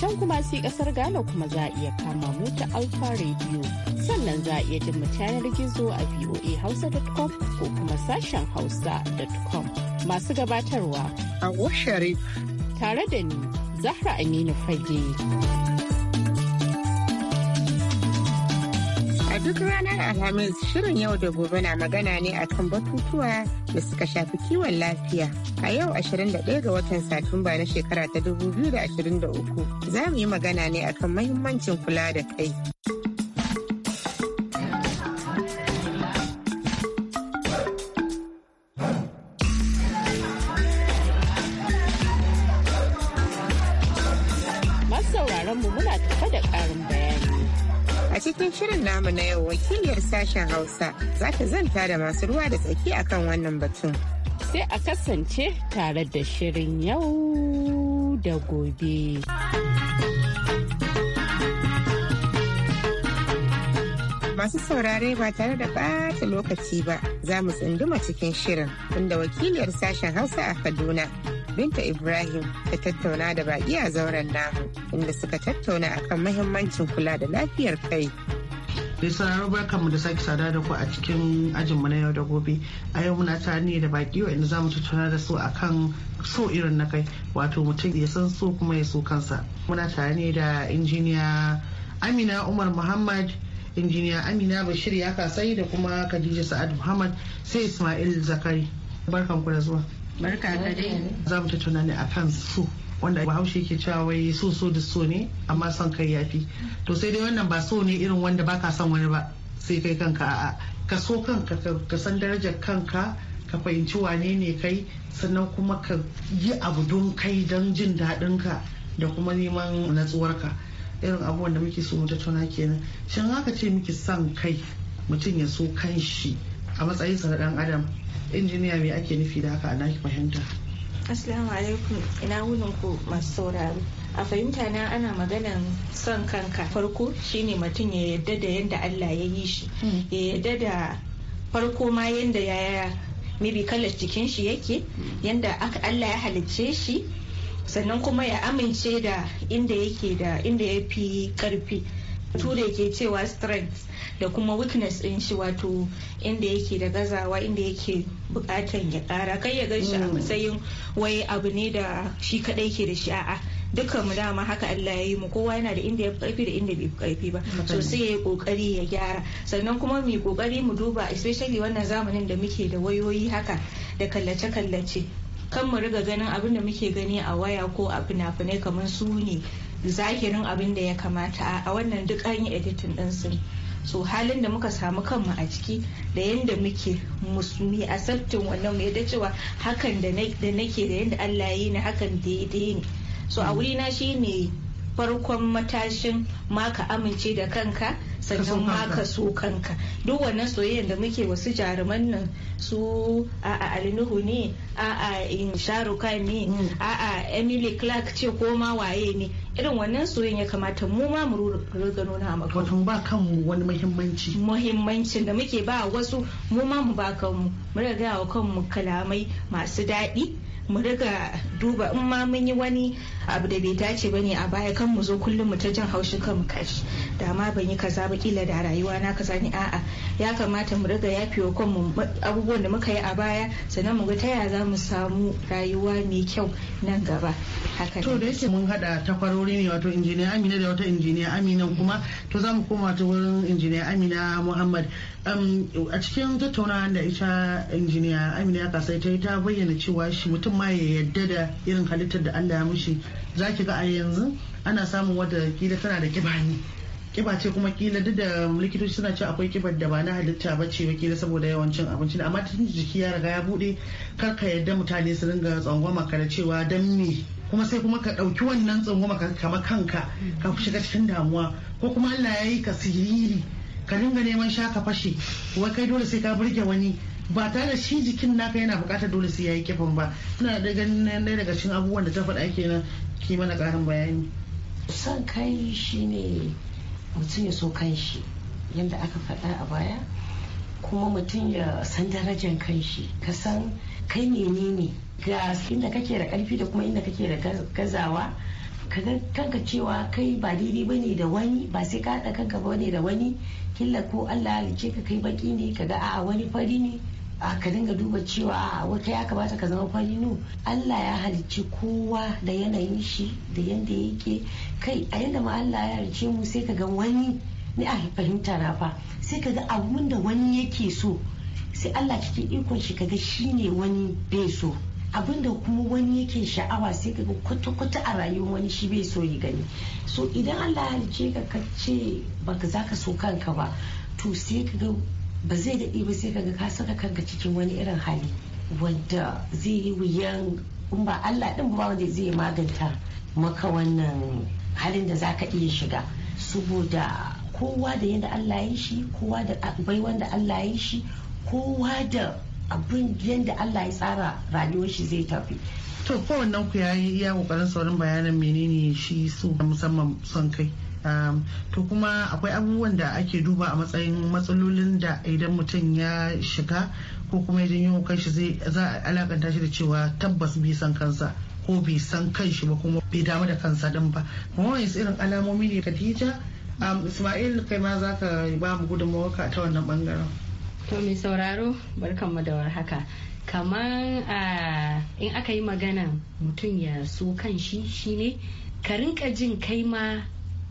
can kuma sai kasar Ghana kuma za a iya kama mu Alfa Alpha Radio. Sannan za a iya jin mu gizo a voahausa.com ko kuma sashen hausa.com. Masu gabatarwa. Awo Sharif. Tare da ni, Zahra Aminu Fage. duk ranar Alhamis shirin yau da gobe na magana ne akan batutuwa da suka shafi kiwon lafiya. A yau 21 ga watan Satumba na shekara ta 2023 za mu yi magana ne akan mahimmancin kula da kai. cikin shirin namu na yau wakiliyar sashen Hausa za ta zanta da masu ruwa da tsaki akan wannan batun. Sai a kasance tare da shirin yau da gobe. masu saurare ba tare da ɓata lokaci ba za mu tsunduma cikin shirin inda wakiliyar sashen hausa a kaduna binta ibrahim ta tattauna da baƙi a zauren namu inda suka tattauna akan mahimmancin kula da lafiyar kai Mai sauraro barkanmu da sake sada da ku a cikin ajinmu na yau da gobe. A yau muna ta ne da baki wa'inda za mu tattauna da su akan so irin na kai wato mutum ya san so kuma ya so kansa. Muna tare ne da injiniya Amina Umar Muhammad injiniya Amina Bashir ya kasai da kuma Khadija Sa'ad Muhammad sai Ismail Zakari. Barkanku da zuwa. Barka ka dai. Za mu tattauna ne akan so wanda bahaushe ke cewa wai so so da so ne amma son kai yafi to sai dai wannan ba so ne irin wanda baka son wani ba sai kai kanka a'a ka so kanka ka san darajar kanka ka fahimci wane ne kai sannan kuma ka yi abu don kai don jin daɗin ka da kuma neman natsuwarka irin abubuwan da muke so mu tattauna kenan shin haka ce muke son kai mutum ya so kan shi a matsayinsa na dan adam injiniya me ake nufi da haka a naki fahimta Assalamu alaikum ina wunin ku masu sauraro. A fahimta na ana maganan son kanka farko shine mutum ya yadda da yadda Allah ya yi shi. Hmm. Ya yadda da farko ma yadda ya mibi kalar cikin shi yake hmm. yadda Allah ya halicce shi sannan kuma ya amince da inda yake da inda ya fi karfi. turai ke cewa strength da kuma weakness din shi wato inda yake da gazawa inda yake bukatan ya kara kai ya gan shi a mm. matsayin wai abu ne da shi kadai ke da shi a'a dukkan mu dama haka Allah ya yi mu kowa yana da inda ya karfi da inda bai karfi ba so sai yayi kokari ya gyara sannan kuma mu kokari mu duba especially wannan zamanin da muke da wayoyi haka da kallace kallace kan mu riga ganin abin da muke gani a waya ko a fina-finai kamar su ne zahirin abin da ya kamata a wannan duk an yi editing din su so halin da muka samu kanmu a ciki da yadda muke musulmi a sabtin wannan mai da cewa hakan da nake da yadda Allah ya yi ni hakan daidai ne so a wuri na shine farkon matashin ma ka amince da kanka sannan ma ka so kanka duk wannan soyayyar da muke wasu jaruman nan su a a alinuhu ne a a sharuka ne mm. a a emily clark ce ko ma waye ne irin wannan soyayya ya kamata mu ma mu riga nuna ma wato ba kanmu wani muhimmanci muhimmancin da muke ba wasu mu ma mu ba kanmu mu riga wa kanmu kalamai masu daɗi mu riga duba in ma mun yi wani abu da bai dace ba ne a baya kan mu zo kullum mu ta jin haushi kan mu kashi da ma ban yi kaza ba kila da rayuwa na kaza ne a'a ya kamata mu riga yafewa kan mu abubuwan da muka yi a baya sannan mu ga ta yaya za mu samu rayuwa mai kyau nan gaba haka to da yake mun hada takwarori ne wato injiniya Amina da wata injiniya Amina kuma to za mu koma ta wurin injiniya Amina Muhammad um, a cikin tattaunawa da ita injiniya Amina ya kasai ta ta bayyana cewa shi mutum ma ya yarda da irin halittar da Allah ya mushi za ki ga a yanzu ana samun wadda kila tana da kiba ne kiba ce kuma kila duk da likitoci suna cewa akwai kibar da ba na halitta ba ce kila saboda yawancin abinci amma tun jiki ya riga ya bude kar ka yarda mutane su ringa tsangwama ka da cewa dan me kuma sai kuma ka ɗauki wannan tsangwama ka kama kanka ka shiga cikin damuwa ko kuma Allah ya yi ka siriri ka dinga neman sha ka fashe wai kai dole sai ka burge wani ba tare da shi jikin naka yana bukatar dole sai yayi kifan ba ina da ganin ɗaya daga cikin abubuwan da ta faɗa nan ki mana ƙarin bayani son kai shine mutum ya so shi yadda aka faɗa a baya kuma mutum ya san darajar shi ka san kai menene ga inda kake da karfi da kuma inda kake da gazawa ka kanka cewa kai ba daidai ba ne da wani ba sai ka haɗa kanka ba ne da wani killa ko allah halice ka kai baki ne ka ga a'a wani fari ne A ka dinga duba cewa wata ya kamata ka zama nu Allah ya halicci kowa da yanayin shi da yanda yake kai a yadda ma Allah ya halicce mu sai ka ga wani ni a fahimta na fa sai ka ga abun da wani yake so sai Allah cikin ikon shi kaga ga ne wani bai so da kuma wani yake sha'awa sai ka ga kwata-kwata a rayuwar wani shi bai so ya gani so idan Allah ya halice ka ka ce baka za ka so kanka ba to sai ka ga ba zai daɗe ba sai kaga ka saka kanka cikin wani irin hali wanda zai yi wuyan in ba Allah din ba wanda zai maganta maka wannan halin da za ka iya shiga saboda kowa da yadda Allah ya shi kowa da bai wanda Allah ya shi kowa da abin yadda Allah ya tsara rayuwar shi zai tafi to kowannen ku yayi iya kokarin saurin bayanan menene shi so musamman son kai Um, to kuma akwai abubuwan da ake duba a matsayin matsalolin da idan mutum ya shiga ko kuma ya janyo kanshi za a alakanta shi da cewa tabbas bai san kansa ko bai san kanshi ba kuma bai damu da kansa din ba kuma wani irin alamomi ne Khadija um, Ismail kai ma za ka ba mu gudunmawarka ta wannan bangaren. To mai sauraro barkanmu da warhaka. Kamar uh, in aka yi magana mutum ya so kan shi shine ka rinka jin kai ma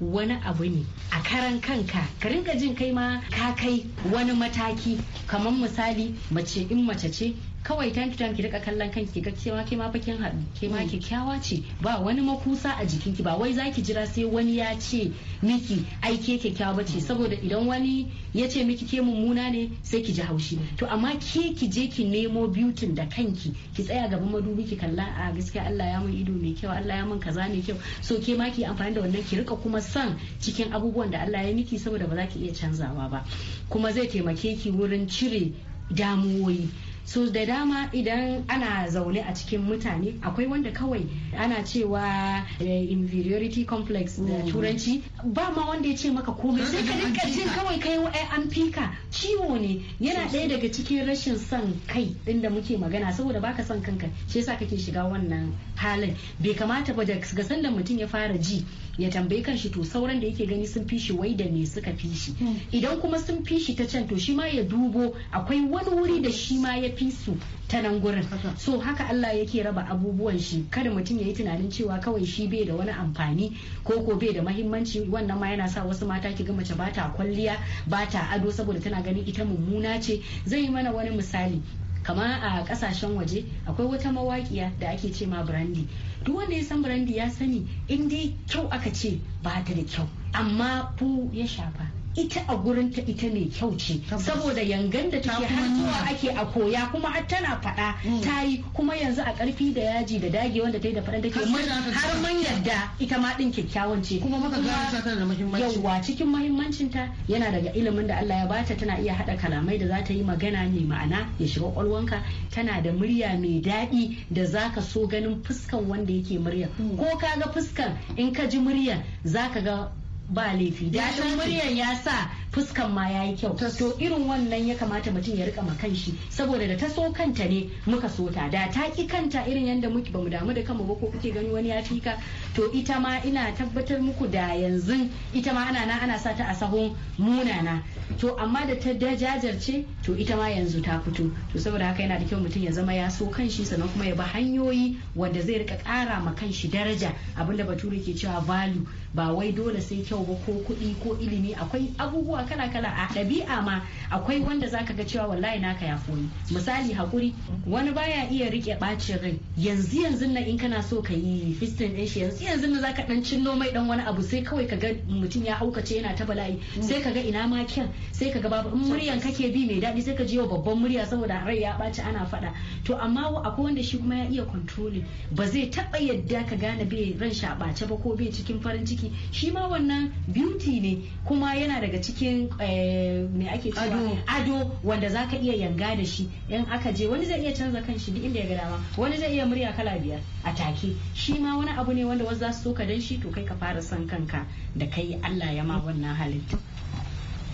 wani abu ne a karan kanka ka rinka jin kai ma ka kai wani mataki kamar misali mace in mace ce kawai tanki tanki da rika kallon kanki ga cewa ke ma bakin haɗu ke ma mm. kyakkyawa ce ba wani makusa a jikinki ba wai zaki jira sai wani ya ce miki ai ke kyakkyawa bace mm. saboda idan wani ya ce miki ke mummuna ne sai ki ji haushi mm. to amma ke ki je ki nemo beauty da kanki ki tsaya gaban madubi ki kalla a gaskiya Allah ya mun ido mai kyau Allah ya mun kaza mai kyau so ke ma ki amfani da wannan ki rika kuma san cikin abubuwan da Allah ya miki saboda ba za ki iya canzawa ba kuma zai taimake ki wurin cire damuwoyi so da dama idan ana zaune a cikin mutane akwai wanda kawai ana cewa eh, inferiority complex da mm. turanci ba ma wanda ya ce maka komai sai ka rinka jin kawai kai wa an fika ciwo ne yana ɗaya daga cikin rashin son kai din da muke magana saboda baka son kanka shi yasa kake shiga wannan halin bai kamata ba da ga sanda mutum ya fara ji ya tambayi kanshi to sauran da yake gani sun fishi wai da me suka fishi mm. idan kuma sun fishi ta can to shi ma ya dubo akwai wani wuri da shi ma ya fi su ta nan gurin so haka Allah yake raba abubuwan shi kada mutum ya yi tunanin cewa kawai shi bai da wani amfani ko ko bai da mahimmanci wannan ma yana sa wasu mata ki ga mace ba ta kwalliya ba ta ado saboda tana ganin ita mummuna ce zai yi mana wani misali kama a kasashen waje akwai wata mawakiya da ake ce ma brandy duk wanda ya san brandy ya sani inda kyau aka ce ba ta da kyau amma fu ya shafa ita a gurinta ita ne kyau ce saboda yangan da take har zuwa ake a koya kuma har tana faɗa mm. ta yi kuma yanzu a karfi da yaji da dage wanda ta yi da faɗa take har man yadda ita ma ɗin kyakkyawan ce kuma maka tana da muhimmanci cikin muhimmancinta yana daga ilimin da Allah ya bata tana iya haɗa kalamai da za ta yi magana mai ma'ana ya shiga ƙwaƙwalwanka tana da murya mai daɗi da zaka so ganin fuskan wanda yake murya mm. ko ka ga fuskan in ka ji murya zaka ga ba laifi da dashin muryar ya sa fuskan ma ya yi kyau to irin wannan ya kamata mutum ya rika makan shi saboda da ta so kanta ne muka so ta da ta ki kanta irin yadda muke bamu damu da kanmu ba ko kuke gani wani ya fika to ita ma ina tabbatar muku da yanzu ita ma ana na ana sa ta a sahun munana to amma da ta jajarce to ita ma yanzu ta fito to saboda haka yana da kyau mutum ya zama ya so kanshi sannan kuma ya bi hanyoyi wanda zai rika kara ma kanshi daraja abinda bature ke cewa value ba wai dole sai kyau ba ko kuɗi ko ilimi akwai abubuwa kala kala a ɗabi'a ma akwai wanda zaka ga cewa wallahi naka ya koyi misali hakuri wani baya iya rike bacin rai yanzu yanzu na in kana so ka yi fistin ɗin shi yanzu yanzu na zaka dan cin mai dan wani abu sai kawai ka ga mutum ya haukace yana ta bala'i sai ka ga ina ma kyan sai ka ga babu in muryan kake bi mai daɗi sai ka wa babban murya saboda rai ya ɓaci ana faɗa to amma akwai wanda shi kuma ya iya kontroli ba zai taɓa yadda ka gane bai ran shi a ɓace ba ko bai cikin farin ciki ciki shi ma wannan beauty ne kuma yana daga cikin eh, me ake cewa ado wanda zaka iya yanga da shi in aka je wani zai iya canza kan shi duk inda ya ga dama wani zai iya murya kala biyar a take shi ma wani abu ne wanda wasu za su so ka dan shi to kai ka fara son kanka da kai Allah ya ma wannan halitta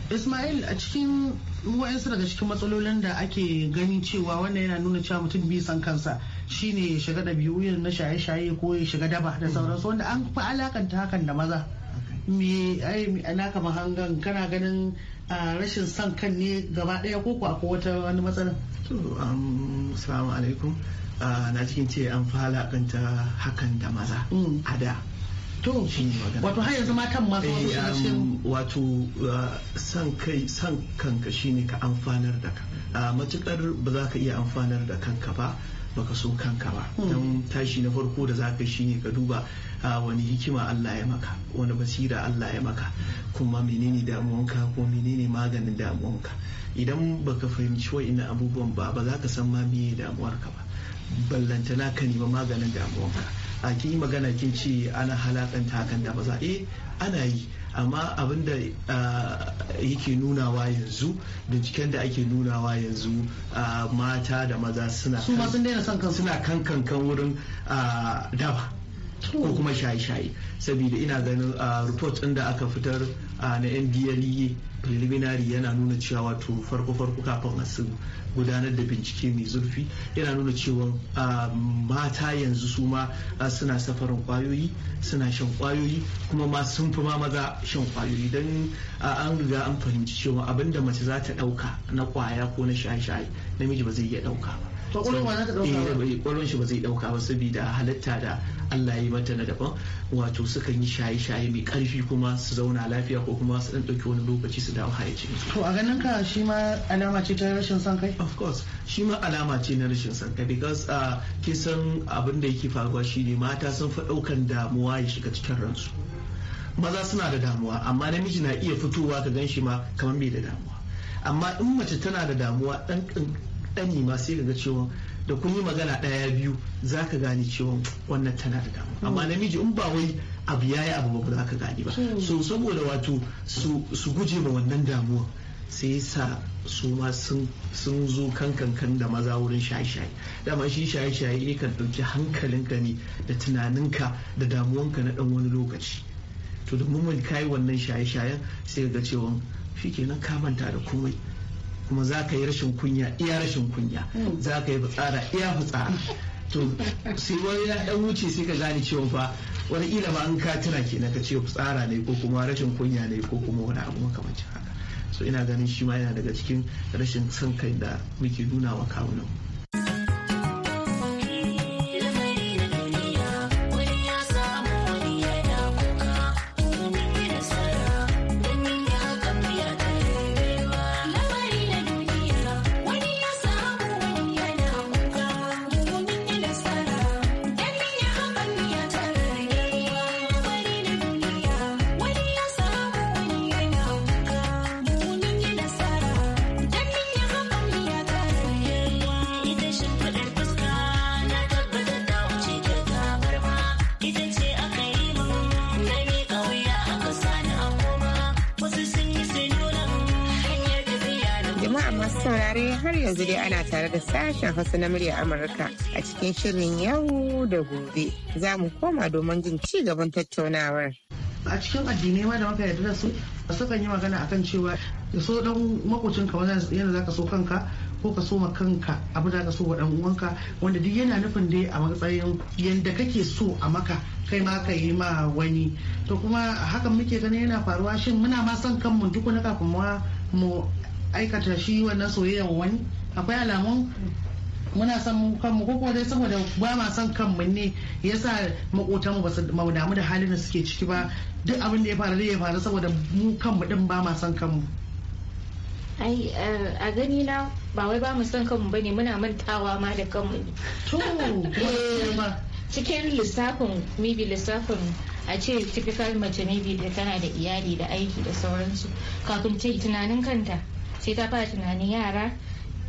Ismail a cikin wa'insu daga cikin matsalolin da ake ganin cewa wannan yana nuna cewa mutum bai san kansa shine ya shiga yin na shaye-shaye ko ya shiga daba da sauransu wanda an fi alakanta hakan da maza me kama hangan kana ganin rashin son kan ne gaba daya ko ko akwai wata wani matsala assalamu alaikum na cikin ce an fi alakanta hakan da maza mm. a da wato har yanzu matan masu wasu eh, wato san kai san kanka shine ka amfanar da ka matukar ba za ka iya amfanar da kanka ba baka so kanka ba hmm. don tashi na farko da za ka shi ne ka duba wani hikima Allah ya maka wani basira Allah ya maka kuma menene damuwanka ko menene maganin damuwanka idan baka fahimci wa'ina abubuwan ba ba za ka san ma me damuwarka ba ballantana ka nemi maganin damuwanka a ki magana kin ce ana halakanta hakan da baza eh ana yi amma abin da ah, yake nunawa yanzu binciken da ake nunawa yanzu ah, mata da maza suna kan kankan wurin ah, daba ko kuma shaye-shaye saboda ina ganin report ɗin da aka fitar na ndla e preliminary yana nuna cewa wato farko-farko kafin a gudanar da bincike mai zurfi yana nuna cewa ah, mata yanzu su ma ah, suna safarin kwayoyi suna shan kwayoyi kuma ma sun fi ma maza shan kwayoyi don ah, an riga an fahimci cewa abinda mace za ta dauka na kwaya ko na shaye-shaye namiji ba zai iya dauka ba kwakwalwar eh, eh, shi ba zai dauka ba saboda halitta da Allah yi mata na daban wato sukan yi shaye-shaye mai karfi kuma su zauna lafiya ko kuma su dan dauki wani lokaci su dawo hayyaci to a ganin ka shi ma alama ce ta rashin son kai of course shi ma alama ce na rashin son kai because kisan uh, kin san abin da yake faruwa shine mata sun fa daukan damuwa ya shiga cikin ransu maza suna da damuwa amma namiji na iya fitowa ka gan shi ma kamar bai da damuwa amma in mace tana da damuwa dan dani ma sai ga cewa da kun yi magana ɗaya biyu za ka gane cewa wannan tana da damu amma hmm. namiji in ba wai abu yayi abu ba za ka gane ba hmm. so saboda wato su guje ma wannan damuwa sai sa su ma sun zo kankan da maza wurin shaye-shaye dama shi shaye-shaye kan ɗauki hankalinka ne da tunaninka da damuwanka na ɗan wani lokaci to da mun kai wannan shaye-shayen sai ga cewa shi kenan kamanta da komai kuma za ka yi rashin kunya iya rashin kunya hmm. za ka yi fitsara iya fitsara to sai wani ya ɗan wuce sai ka gane cewa fa wani ila ba an ka tuna kenan ka ce fitsara ne ko kuma rashin kunya ne ko kuma wani abu makamancin haka so ina ganin shi ma yana daga cikin rashin son kai da muke nuna wa kawunan yanzu dai ana tare da sashen hausa na murya Amurka a cikin shirin yau da gobe. Za mu koma domin jin ci gaban tattaunawar. A cikin addinai ma da muka yarda da su sukan yi magana akan cewa da so dan makocin ka za ka so kanka ko ka so ma kanka abu da ka so wa dan uwanka wanda duk yana nufin dai a matsayin yadda kake so a maka kai ma ka yi ma wani to kuma hakan muke ganin yana faruwa shin muna ma son kanmu duk wani kafin mu aikata shi wannan soyayyar wani akwai alamun muna son kanmu ko kuma dai saboda ba ma son kanmu ne yasa makotanmu ba su damu da halin da suke ciki ba duk abin da ya faru da ya faru saboda mu kanmu din ba ma son kanmu ai eh, a gani na ba wai ba mu son kanmu bane muna mantawa ma da kanmu ne to eh, cikin lissafin mibi lissafin a ce typical mace mibi da tana da iyali da aiki da sauransu kafin ta yi tunanin kanta sai ta ba tunanin yara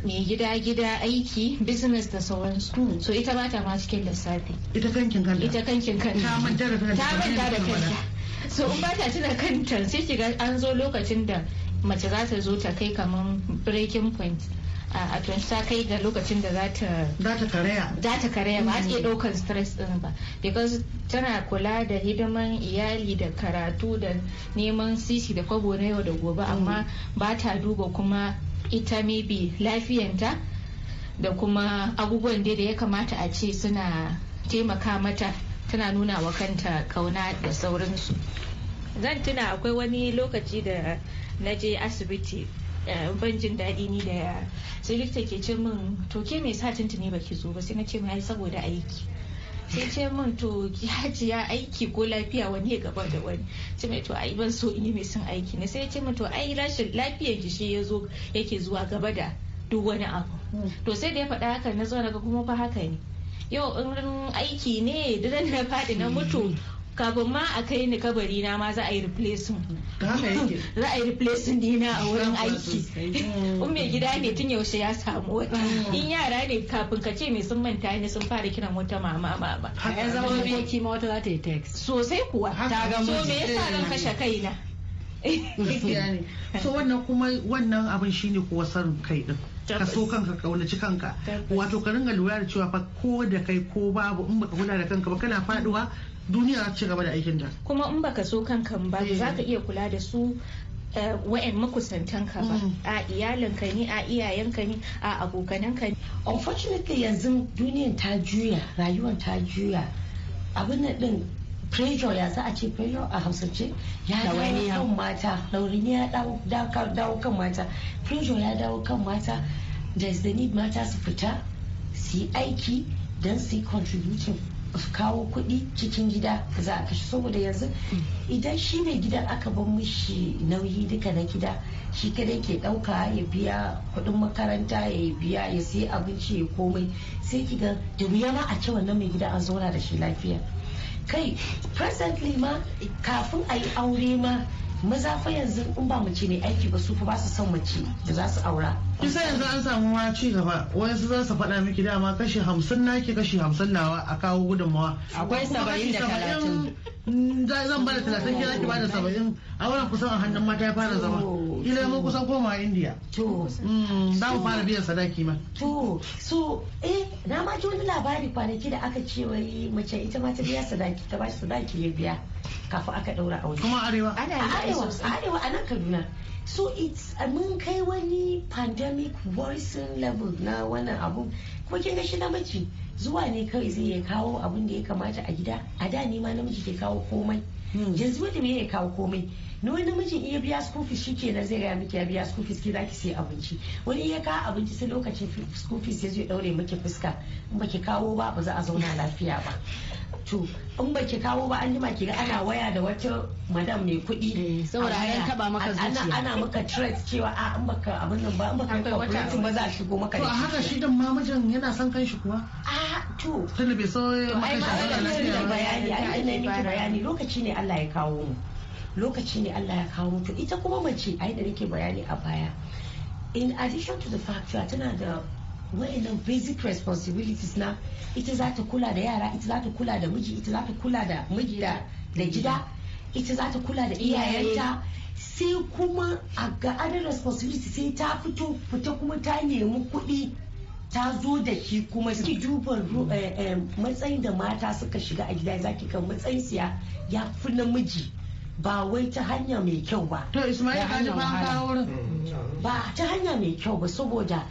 mai gida gida aiki business da sauransu so ita ba ta ma cikin lissafi ita kankin kanta ita kankin kanta ta manta da kanta so in ba ta tuna kanta sai kiga an zo lokacin da mace za ta zo ta kai kaman breaking point a to ta kai ga lokacin da za ta karaya ba ta iya mm. ɗaukar stress ɗin ba because tana kula da hidiman iyali da karatu da neman sisi da kwabo na yau da gobe mm. amma ba ta duba kuma ita maybe lafiyanta da kuma abubuwan da ya kamata a ce suna taimaka mata tana nuna wa kanta kauna da sauransu zan tuna akwai wani lokaci da na je asibiti Eh, ban jin daɗi ni da yara sai likita ke ce min to ke me sa tuntuni baki zo ba sai na ce mai saboda aiki sai ce min to ya aiki ko lafiya wani ya gaba da wani ce mai to ai ban so yi mai son aiki ne sai ce min to ai rashin lafiyar gishi shi ya zo yake zuwa gaba da duk wani abu hmm. to sai da ya faɗa haka na zo na ga kuma fa haka ne yau in aiki ne da na faɗi na mutu hmm. kafin ma a kai ni kabari na ma za a yi replacing za a yi replacing dina a wurin aiki in mai gida ne tun yaushe ya samu wata in yara ne kafin ka ce mai sun manta ni sun fara kiran wata mama ba ya zama wani kima wata za ta yi text sosai kuwa ta ga so me yasa zan kashe kaina so wannan kuma wannan abin shine kuwa san kai din ka so kanka kaunaci kanka wato ka ringa lura da cewa fa ko da kai ko babu in baka kula da kanka ba kana faduwa duniya za ta ci gaba da aikin ta kuma in baka so kankan ba za ka eh. iya kula da su makusantan eh, makusantanka ba mm. a ka ne a iyayen ka ne a ka ne unfortunately yanzu duniyan ta juya rayuwar ta juya abin nan din pressure ya za a ce pressure a hausance ya dawo kan mata laurin ya dawo kan mata pressure ya dawo kan mata da the need mata su fita su yi aiki don su yi contributing kawo kuɗi cikin gida za a kashe saboda yanzu idan shi mai gida aka bar mishi nauyi duka na gida shi kadai ke ɗauka ya biya kuɗin makaranta ya biya ya siya abinci ya komai sai kiga da wuya ma a ce wannan mai gida an zauna da shi lafiya kai presently ma kafin a yi aure ma maza fa yanzu in ba mace mai aiki ba su fa ba su son mace da za su aura kisa yanzu an samu ma ci gaba wani su su faɗa miki dama kashi hamsin naki kashi hamsin nawa a kawo gudunmawa akwai saba'in da talatin mm, zan bada talatin kira ki bada saba'in a wannan kusan a hannun mata ya fara zama kila mun kusan koma indiya to mm, za mu fara biyan sadaki ma to so eh na ma ji wani labari kwanaki da aka ce wai mace ita ma ta biya sadaki ta bashi sadaki ya biya kafin aka daura wani kuma arewa ana arewa a nan kaduna so it's a mun kai wani pandemic worrisome level na wannan abu kuma kin ga shi namiji zuwa ne kawai zai iya kawo abun da ya kamata a gida a da ne ma namiji ke kawo komai hmm. yanzu wanda bai iya kawo komai na wani namijin iya biya school fees shi na zai gaya miki ya biya school fees ki zaki sai abinci wani iya kawo abinci sai lokacin school fees ya zo ya daure miki fuska in baki kawo ba ba za a zauna lafiya ba to in ba ki kawo ba an jima ki ana waya da wata madam mai kuɗi eh, saboda an taba maka zuciya ana maka threat cewa a an baka abin nan ba an baka cooperating ba za a shigo maka da to a haka shi dan mamajin yana son kanshi kuwa a to tunda bai so maka shi da bayani ai yi miki bayani lokaci ne Allah ya kawo mu lokaci ne Allah ya kawo mu to ita kuma mace ai da nake bayani a baya in addition to the fact tana da wa'annan basic responsibilities na ita za ta kula da yara ita za ta kula da miji ita za ta kula da miji da gida ita za ta kula da iyayenta sai kuma a ga other responsibility sai ta fito fita kuma ta nemi kuɗi ta zo da shi kuma ki duba eh, eh, matsayin da mata suka shiga a gida zaki kan matsayin siya ya fi namiji ba wai ta hanya mai kyau ba to ismail ba ta hanya mai kyau ba saboda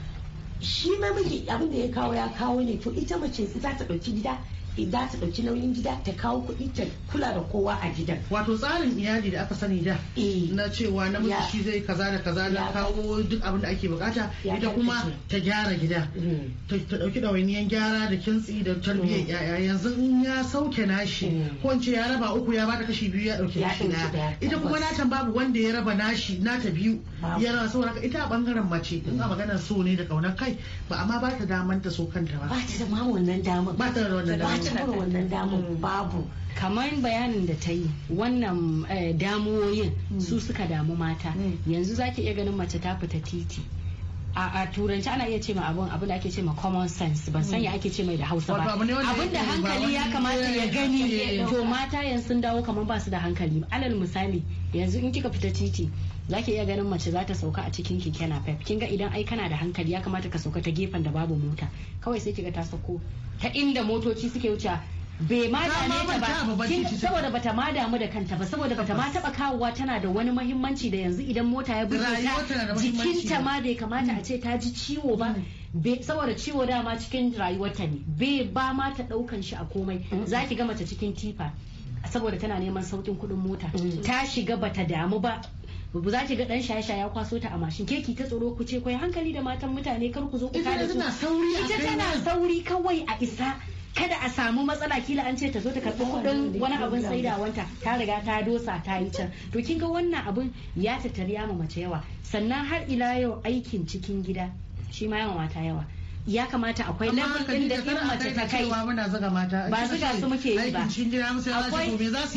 shi miji abin da ya kawo ya kawo ne to ita mace za ta ɗauki gida za ta ɗauki nauyin gida ta kawo kuɗi ta kula da kowa a gidan. Wato tsarin iyali da aka sani da eh. na cewa namiji shi zai kaza da kaza da kawo duk abin da ake bukata ita kuma ta gyara gida hmm. ta ɗauki ɗawainiyan gyara da kintsi da tarbiyyar yaya hmm. yanzu in ya sauke nashi hmm. ko in ce ya raba uku ya bata kashi biyu ya ɗauki nashi na. ita kuma na can babu wanda ya raba nashi ta biyu ya raba saboda ita a bangaren mace in a maganar so ne da ƙaunar kai ba amma ba ta damar ta so kanta ba. Ba ta da ma wannan damar. Ba ta da wannan damar. saboda wannan mm. babu kamar bayanin da ta yi wannan eh, damuwoyin su mm. suka damu mata mm. yanzu zaki iya ganin mace ta fita titi a turanci ana iya ce ma abun abin da ake ce ma common sense ban san ya ake ce mai da hausa ba abin da hankali ya kamata ya gani eh, eh, eh. to mata yanzu sun dawo kamar ba su da hankali alal misali yanzu in kika fita titi za ki iya ganin mace za ta sauka a cikin keke pep. kin ga idan ai kana da hankali ya kamata ka sauka ta gefen da babu mota kawai sai ki ga ta sauko ta inda motoci suke wuce bai ma dame ta ba saboda bata ma damu da kanta ba saboda bata ma taba kawowa tana da wani muhimmanci da yanzu idan mota ya buge ta jikinta ma bai kamata mm. a ce ta ji ciwo ba mm. saboda ciwo dama cikin rayuwarta ne bai ba ma ta daukan shi a komai mm. zaki ga mace cikin tifa saboda tana neman saukin kudin mota ta shiga bata damu ba babu za ki ga dan shaye-shaye ya kwaso ta a mashin keki ta tsoro ku ce kai hankali da matan mutane kar ku zo ku kada su ita tana sauri kawai a isa kada a samu matsala kila an ce ta zo ta karɓi kuɗin wani abin wanta ta riga ta dosa ta yi can to kin ga wannan abin ya tattariya ma mace yawa sannan har ila yau aikin cikin gida shi ma yawa mata yawa ya kamata akwai level din da in mace ta kai ba su ga su muke yi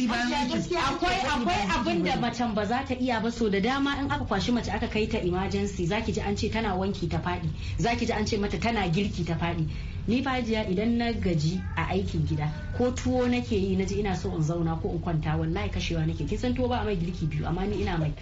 ba akwai akwai abin da macen ba za ta iya ba so da dama in aka kwashi mace aka kai ta emergency zaki ji an ce tana wanki ta fadi zaki ji an ce mata tana girki ta fadi ni fajiya idan na gaji a aikin gida ko tuwo nake yi naji ina so in zauna ko in kwanta wallahi kashewa nake kin san tuwo ba mai girki biyu amma ni ina mai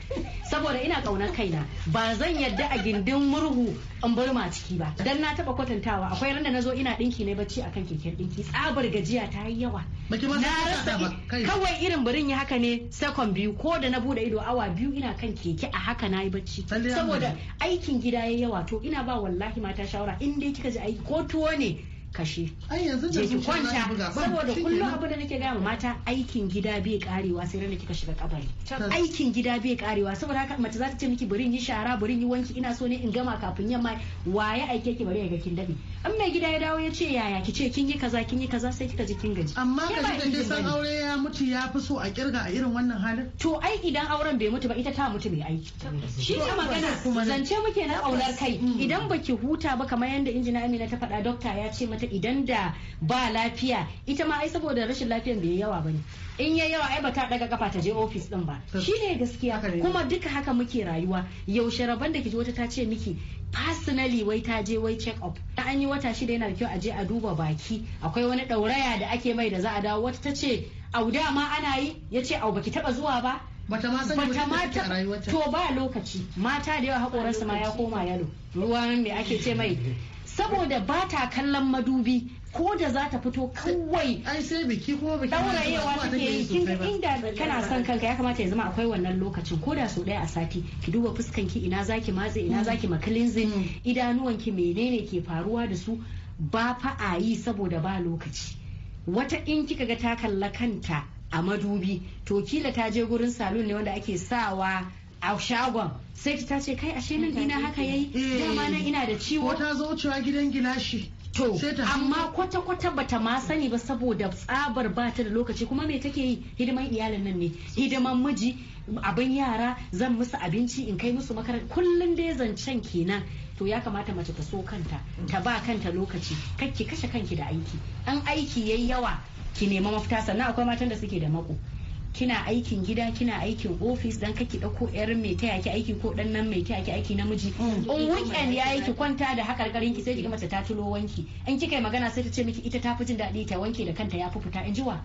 saboda ina kaunar kaina ba zan yadda a gindin murhu in bar ma ciki ba dan na taba kwatantawa akwai ran da nazo ina dinki ne bacci akan keken dinki tsabar gajiya ta yi yawa kawai irin barin ya haka ne sakon biyu ko da na bude ido awa biyu ina kan keke a haka na yi bacci saboda aikin gida yayi yawa to ina ba wallahi mata shawara in dai kika ji aiki ko tuwo ne kashe je kwanta saboda kullum abin da nake gaya mata aikin gida bai karewa sai ran kika shiga kabari aikin gida bai karewa saboda haka mace za ta ce miki burin yi shara burin yi wanki ina so ne in gama kafin yamma waye aike ki bari ga kin dabi. in mai gida ya dawo ya ce yaya ki ce kin yi kaza kin yi kaza sai kika ji kin gaji amma gaji da san aure ya mutu ya fi so a kirga a irin wannan halin to ai idan auren bai mutu ba ita ta mutu mai aiki shi ne magana zance muke na aular kai idan baki huta ba kamar yadda injina Amina ta faɗa dokta ya ce mata idan da ba lafiya ita ma ai saboda rashin lafiyan bai yawa bane in ya yawa ai bata daga kafa ta je ofis din ba shi ne gaskiya kuma duka haka muke rayuwa yaushe rabon da kiji wata ta ce miki personally wai ta je wai check up an yi wata shida yana da kyau a je a duba baki akwai wani dauraya da ake mai da za a dawo wata ta ce au ma ana yi ya ce au baki taba zuwa ba bata ma sani to ba lokaci mata da yawa hakoransu ma ya koma yalo ruwan me ake ce mai saboda ba ta kallon madubi ko da za ta fito kawai an sai biki ko biki take yi kin inda kana son kanka ya kamata ya zama akwai wannan lokacin ko da sau daya a sati ki duba fuskan ki ina zaki matse ina zaki makilinzin mm. idanuwanki menene ke faruwa da su ba fa a yi saboda ba lokaci wata in kika ga ta kalla kanta a madubi to kila ta je gurin salon ne wanda ake sawa a shagon sai ta ce kai ashe nan ina haka yayi eh. dama nan ina da ciwo ta zo gidan shi To, amma kwata-kwata bata ma sani ba saboda tsabar bata da lokaci kuma me take yi hidiman iyalin nan ne hidiman miji abin yara zan musu abinci in kai musu makaranta kullum dai zancen kenan to ya kamata mace ta so kanta ta ba kanta lokaci kakki kashe kanki da aiki an aiki yayi yawa ki nema mafita sannan akwai matan da suke da mako kina aikin gida kina aikin ofis dan kake dauko yar mai taya ki aiki ko dan nan mai taya ki aiki namiji mm. in weekend yayi ki kwanta da garin ki sai ki mace ta tulo wanki in kika yi magana sai ta ce miki ita ta fi jin daɗi ta wanke da kanta ya fi fita in ji wa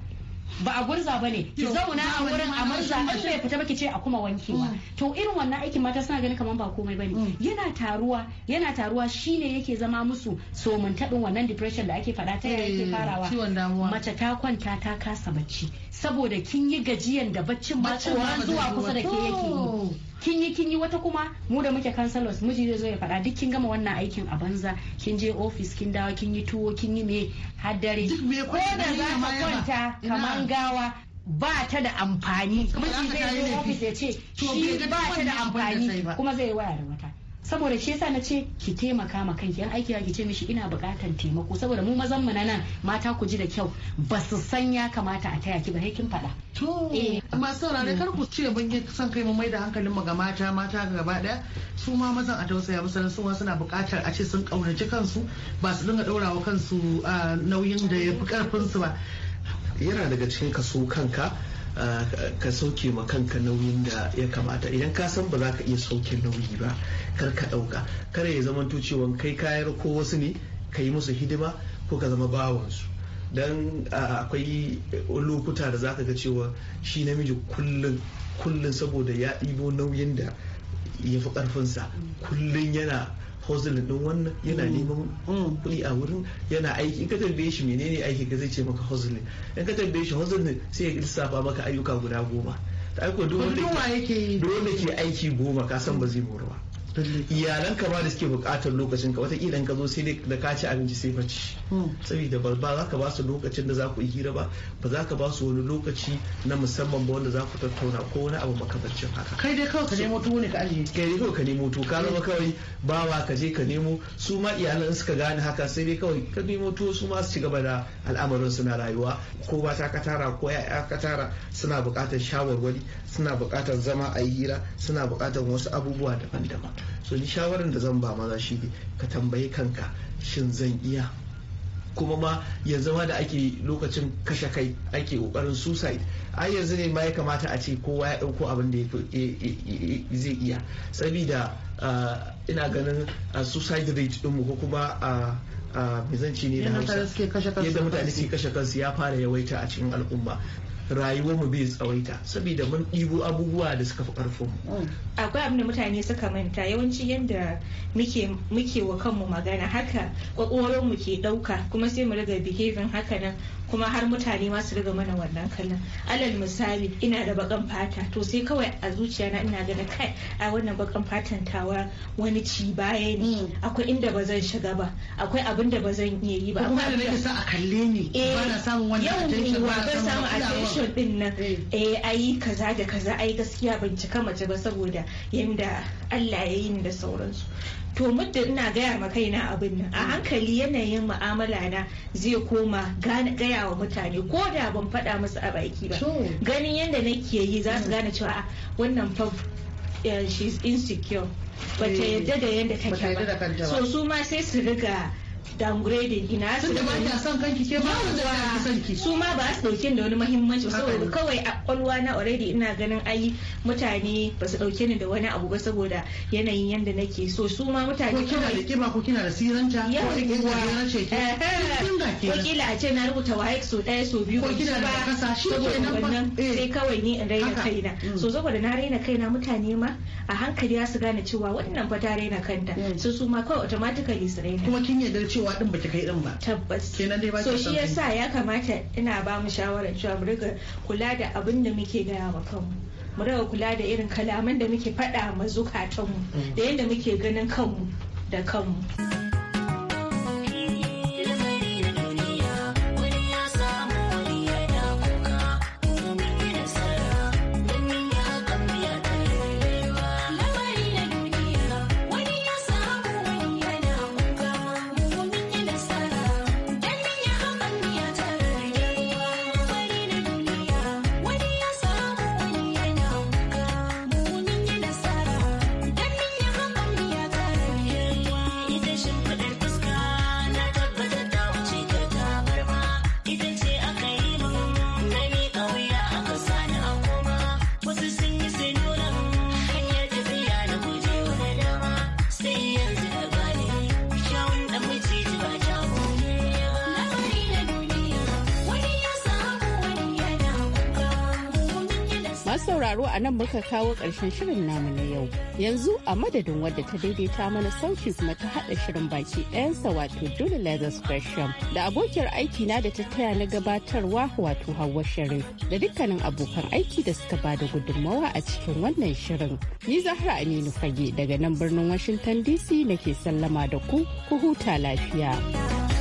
ba a gurza bane ki zauna a wurin a murza in sai fita baki ce a kuma wankewa mm. to irin wannan aikin mata suna ganin kamar ba komai bane mm. yana taruwa yana taruwa shine yake zama musu somuntadin wannan depression da ake fada ta yake eh, farawa mace ta kwanta ta kasa bacci saboda kin yi gajiyan da baccin ba tsoron zuwa kusa da ke yake yi kin yi kin yi wata kuma mu da muke kansalos miji zai zo ya faɗa duk kin gama wannan aikin a banza kin je ofis kin dawo kin yi tuwo kin yi me haddare ko da za ka kwanta kaman gawa ba ta da amfani miji zai zo ofis ya ce shi ba ta da amfani kuma zai waya da wata saboda shi yasa na ce ki taimaka ma kanki yan aiki ki ce mishi ina bukatan taimako saboda mu mazan mu na nan mata ku ji da kyau ba su san ya kamata a taya ki ba kin faɗa. to amma eh. saurare kar ku ce ban san kai mu mai da hankalin mu ga mata mata gaba daya su ma mazan a tausaya musu su ma suna bukatar a ce sun kaunaci kansu ba su dinga ɗaurawa kansu ah, nauyin da ya fi karfin su ba yana daga cikin kaso kanka ka sauke ma kanka nauyin da ya kamata idan ka san ba za ka iya sauke nauyi ba kar ka ɗauka kar ya zama cewa kai kayar ko wasu ne ka yi musu hidima ko ka zama bawansu don akwai lokuta da za ka ga cewa shi namiji kullum kullum saboda ya ɗibo nauyin da ya fi ƙarfinsa kullum yana puzzle din wannan yana mm. neman mm. kuɗi a wurin yana aiki in ka tambaye shi ne aiki ka zai ce maka hustle in ka tambaye shi hustle sai ya lissafa maka ayyuka guda goma ta aiko duk wanda ke aiki goma ka san ba zai boru ba iyalan ka da suke bukatar lokacin ka watakila in ka zo sai da ka ci abinci sai ci hmm. saboda ba ba za ka ba su lokacin da za ku yi hira ba ba za ka ba su wani lokaci na musamman ba wanda za ku tattauna ko wani abu makamancin haka kai dai kawai ka nemo tuwo ne ka ajiye kai dai kawai ka nemo tuwo ka zama kawai bawa ka je ka nemo su ma iyalan suka gane haka sai dai kawai ka nemo tuwo su ma su ci gaba da al'amarin suna rayuwa ko ba ta katara ko ya'ya katara suna bukatar shawarwari suna bukatar zama a hira suna bukatar wasu abubuwa daban-daban so ni shawarar da zan ba maza shi ne ka tambayi kanka shin zan iya kuma ma yanzu ma da ake lokacin kashe kai ake kokarin suicide ai yanzu ne ma ya kamata a ce kowa ya dauko abin da eh, eh, eh, zai iya sabida ah, ina ganin ah, suicide rate din mu ko kuma a ah, mizanci ne da hausa yadda mutane suke kashe kansu ya fara yawaita a cikin al'umma rayuwar mu bai tsawaita saboda mun ɗibo abubuwa da suka fi ƙarfin mu mm. akwai abin da mutane suka manta yawanci yadda muke wa kanmu magana haka kwakwalwar mu ke ɗauka kuma sai mu riga behavior haka nan kuma har mutane ma su riga mana wannan kallon alal misali ina da bakan fata to sai kawai a zuciya na ina gani kai a wannan bakan fatan tawa wani ci baya ne mm. akwai inda ba zan shiga ba akwai abin da ba zan iya yi ba kuma da nake sa a kalle eh, ba na samun wani attention ba na samun attention mutum din nan mm. eh ai kaza da kaza ai gaskiya ban cika mace ba saboda yanda Allah ya yi ni da sauransu to muddin ina gaya ma kaina abin nan a mm. hankali yanayin mu'amala na zai koma gaya wa mutane ko da ban faɗa musu a baki ba ganin yadda nake yi za su mm. gane cewa wannan fa is eh, insecure ta eh, yadda da yadda take ba so su ma sai su riga downgrading ina su da ba ta son kanki ke ba da ba son ki su ma ba su dauke da wani muhimmanci saboda kawai a kwalwa na already ina ganin ai mutane ba su dauke ni da wani abu ba saboda yanayin yanda nake so su ma mutane ko kina da kiba ko kina da siranta ko kina da race ke ko kila a ce na rubuta waye so daya so biyu ko kina da kasa shi ke nan eh. sai kawai ni in raina kaina mm. so saboda na raina kaina mutane ma a hankali ya su gane cewa wannan fa ta raina kanta mm. so su ma kawai automatically su raina kuma kin yarda cewa din baki kai din ba tabbas kenan dai ba so shi yasa ya kamata ina ba mu shawarar cewa mu riga kula da abin da muke gaya ma kanmu mu riga kula da irin kalaman da muke faɗa ma zukatanmu mm. da yadda muke ganin kanmu da kanmu Masu sauraro a nan muka kawo ƙarshen shirin namu na yau. Yanzu a madadin wadda ta daidaita mana sauki kuma ta haɗa shirin baki ɗayansa wato dole Leathers Gresham da abokiyar aiki na da ta taya na gabatarwa wato hawa shirin da dukkanin abokan aiki da suka ba da gudunmawa a cikin wannan shirin. Ni Zahra Aminu Fage daga nan birnin Washington DC nake sallama da ku ku huta lafiya.